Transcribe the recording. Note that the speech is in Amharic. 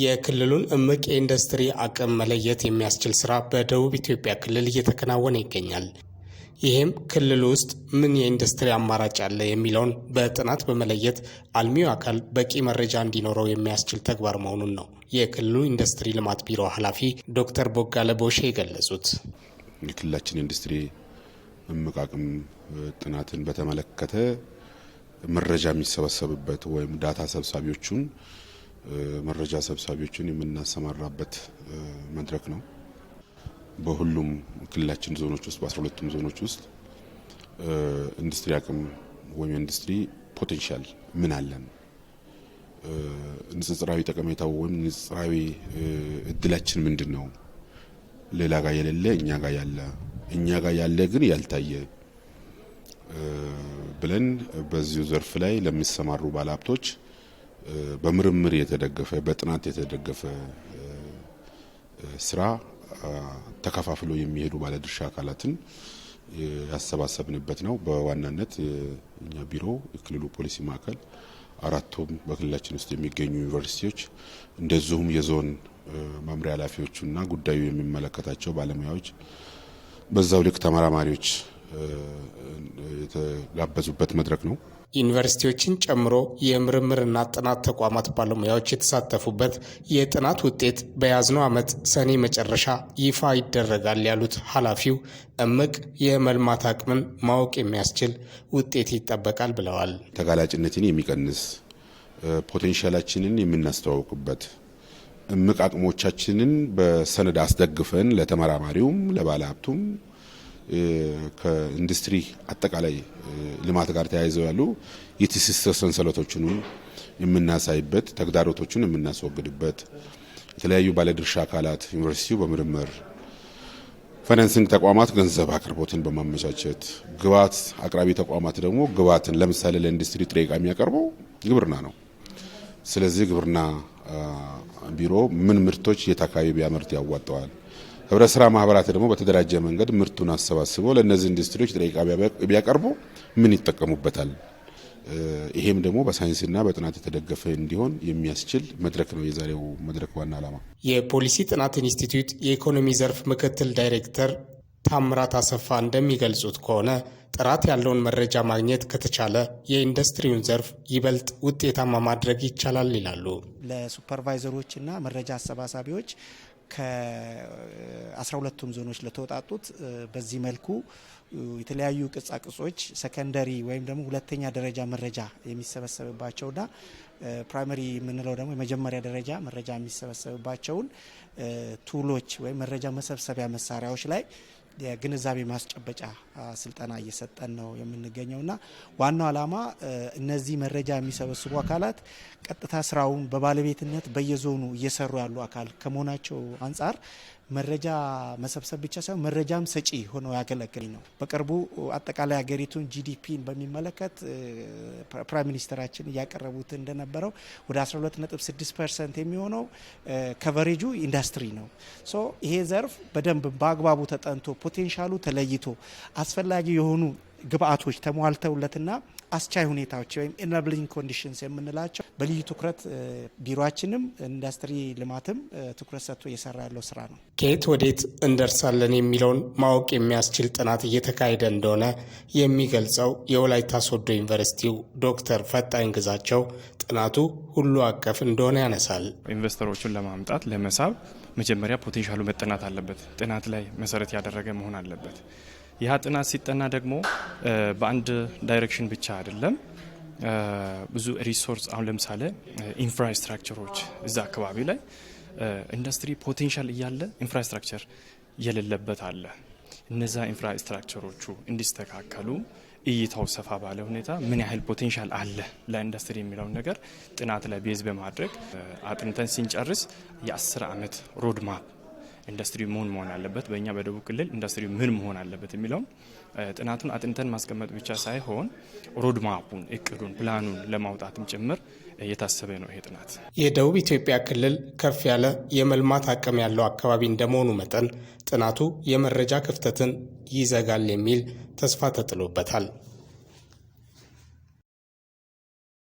የክልሉን እምቅ የኢንዱስትሪ አቅም መለየት የሚያስችል ስራ በደቡብ ኢትዮጵያ ክልል እየተከናወነ ይገኛል። ይህም ክልል ውስጥ ምን የኢንዱስትሪ አማራጭ አለ የሚለውን በጥናት በመለየት አልሚው አካል በቂ መረጃ እንዲኖረው የሚያስችል ተግባር መሆኑን ነው የክልሉ ኢንዱስትሪ ልማት ቢሮ ኃላፊ ዶክተር ቦጋለ ቦሼ የገለጹት። የክልላችን ኢንዱስትሪ እምቅ አቅም ጥናትን በተመለከተ መረጃ የሚሰበሰብበት ወይም ዳታ ሰብሳቢዎቹን መረጃ ሰብሳቢዎችን የምናሰማራበት መድረክ ነው። በሁሉም ክልላችን ዞኖች ውስጥ በአስራ ሁለቱም ዞኖች ውስጥ ኢንዱስትሪ አቅም ወይም ኢንዱስትሪ ፖቴንሻል ምን አለን፣ ንጽጽራዊ ጠቀሜታው ወይም ንጽጽራዊ እድላችን ምንድን ነው? ሌላ ጋር የሌለ እኛ ጋር ያለ እኛ ጋር ያለ ግን ያልታየ ብለን በዚሁ ዘርፍ ላይ ለሚሰማሩ ባለሀብቶች በምርምር የተደገፈ በጥናት የተደገፈ ስራ ተከፋፍሎ የሚሄዱ ባለድርሻ አካላትን ያሰባሰብንበት ነው። በዋናነት እኛ ቢሮ የክልሉ ፖሊሲ ማዕከል አራቱም በክልላችን ውስጥ የሚገኙ ዩኒቨርሲቲዎች እንደዚሁም የዞን መምሪያ ኃላፊዎቹና ጉዳዩ የሚመለከታቸው ባለሙያዎች በዛው ልክ ተመራማሪዎች የተጋበዙበት መድረክ ነው። ዩኒቨርሲቲዎችን ጨምሮ የምርምርና ጥናት ተቋማት ባለሙያዎች የተሳተፉበት የጥናት ውጤት በያዝነው ዓመት ሰኔ መጨረሻ ይፋ ይደረጋል ያሉት ኃላፊው እምቅ የመልማት አቅምን ማወቅ የሚያስችል ውጤት ይጠበቃል ብለዋል። ተጋላጭነትን የሚቀንስ ፖቴንሻላችንን የምናስተዋውቅበት እምቅ አቅሞቻችንን በሰነድ አስደግፈን ለተመራማሪውም ለባለሀብቱም ከኢንዱስትሪ አጠቃላይ ልማት ጋር ተያይዘው ያሉ የትስስር ሰንሰለቶችንም የምናሳይበት፣ ተግዳሮቶችን የምናስወግድበት የተለያዩ ባለድርሻ አካላት ዩኒቨርሲቲው በምርምር ፋይናንሲንግ ተቋማት ገንዘብ አቅርቦትን በማመቻቸት ግብዓት አቅራቢ ተቋማት ደግሞ ግብዓትን ለምሳሌ ለኢንዱስትሪ ጥሬ ዕቃ የሚያቀርበው ግብርና ነው። ስለዚህ ግብርና ቢሮ ምን ምርቶች የት አካባቢ ቢያመርት ያዋጠዋል ህብረት ስራ ማህበራት ደግሞ በተደራጀ መንገድ ምርቱን አሰባስቦ ለእነዚህ ኢንዱስትሪዎች ጥሬ ቢያቀርቡ ምን ይጠቀሙበታል? ይሄም ደግሞ በሳይንስና በጥናት የተደገፈ እንዲሆን የሚያስችል መድረክ ነው የዛሬው መድረክ ዋና ዓላማ። የፖሊሲ ጥናት ኢንስቲትዩት የኢኮኖሚ ዘርፍ ምክትል ዳይሬክተር ታምራት አሰፋ እንደሚገልጹት ከሆነ ጥራት ያለውን መረጃ ማግኘት ከተቻለ የኢንዱስትሪውን ዘርፍ ይበልጥ ውጤታማ ማድረግ ይቻላል ይላሉ። ለሱፐርቫይዘሮችና መረጃ አሰባሳቢዎች ከ12ቱም ዞኖች ለተወጣጡት በዚህ መልኩ የተለያዩ ቅጻቅጾች ሰከንደሪ ወይም ደግሞ ሁለተኛ ደረጃ መረጃ የሚሰበሰብባቸውና ፕራይመሪ የምንለው ደግሞ የመጀመሪያ ደረጃ መረጃ የሚሰበሰብባቸውን ቱሎች ወይም መረጃ መሰብሰቢያ መሳሪያዎች ላይ የግንዛቤ ማስጨበጫ ስልጠና እየሰጠን ነው የምንገኘው ና ዋናው አላማ እነዚህ መረጃ የሚሰበስቡ አካላት ቀጥታ ስራውን በባለቤትነት በየዞኑ እየሰሩ ያሉ አካል ከመሆናቸው አንጻር መረጃ መሰብሰብ ብቻ ሳይሆን መረጃም ሰጪ ሆኖ ያገለግል ነው። በቅርቡ አጠቃላይ ሀገሪቱን ጂዲፒን በሚመለከት ፕራይም ሚኒስትራችን እያቀረቡት እንደነበረው ወደ 12.6 ፐርሰንት የሚሆነው ከቨሬጁ ኢንዱስትሪ ነው። ሶ ይሄ ዘርፍ በደንብ በአግባቡ ተጠንቶ ፖቴንሻሉ ተለይቶ አስፈላጊ የሆኑ ግብአቶች ተሟልተውለትና አስቻይ ሁኔታዎች ወይም ኢናብሊንግ ኮንዲሽንስ የምንላቸው በልዩ ትኩረት ቢሮችንም ኢንዱስትሪ ልማትም ትኩረት ሰጥቶ እየሰራ ያለው ስራ ነው። ከየት ወዴት እንደርሳለን የሚለውን ማወቅ የሚያስችል ጥናት እየተካሄደ እንደሆነ የሚገልጸው የወላይታ ሶዶ ዩኒቨርሲቲው ዶክተር ፈጣኝ ግዛቸው ጥናቱ ሁሉ አቀፍ እንደሆነ ያነሳል። ኢንቨስተሮቹን ለማምጣት ለመሳብ መጀመሪያ ፖቴንሻሉ መጠናት አለበት። ጥናት ላይ መሰረት ያደረገ መሆን አለበት። ያ ጥናት ሲጠና ደግሞ በአንድ ዳይሬክሽን ብቻ አይደለም። ብዙ ሪሶርስ አሁን ለምሳሌ ኢንፍራስትራክቸሮች እዛ አካባቢ ላይ ኢንዱስትሪ ፖቴንሻል እያለ ኢንፍራስትራክቸር የሌለበት አለ። እነዛ ኢንፍራስትራክቸሮቹ እንዲስተካከሉ እይታው ሰፋ ባለ ሁኔታ ምን ያህል ፖቴንሻል አለ ለኢንዱስትሪ የሚለውን ነገር ጥናት ላይ ቤዝ በማድረግ አጥንተን ስንጨርስ የአስር ዓመት ሮድማፕ ኢንዱስትሪ ምን መሆን አለበት፣ በእኛ በደቡብ ክልል ኢንዱስትሪ ምን መሆን አለበት የሚለውን ጥናቱን አጥንተን ማስቀመጥ ብቻ ሳይሆን ሮድማፑን፣ እቅዱን፣ ፕላኑን ለማውጣትም ጭምር እየታሰበ ነው ይሄ ጥናት። የደቡብ ኢትዮጵያ ክልል ከፍ ያለ የመልማት አቅም ያለው አካባቢ እንደመሆኑ መጠን ጥናቱ የመረጃ ክፍተትን ይዘጋል የሚል ተስፋ ተጥሎበታል።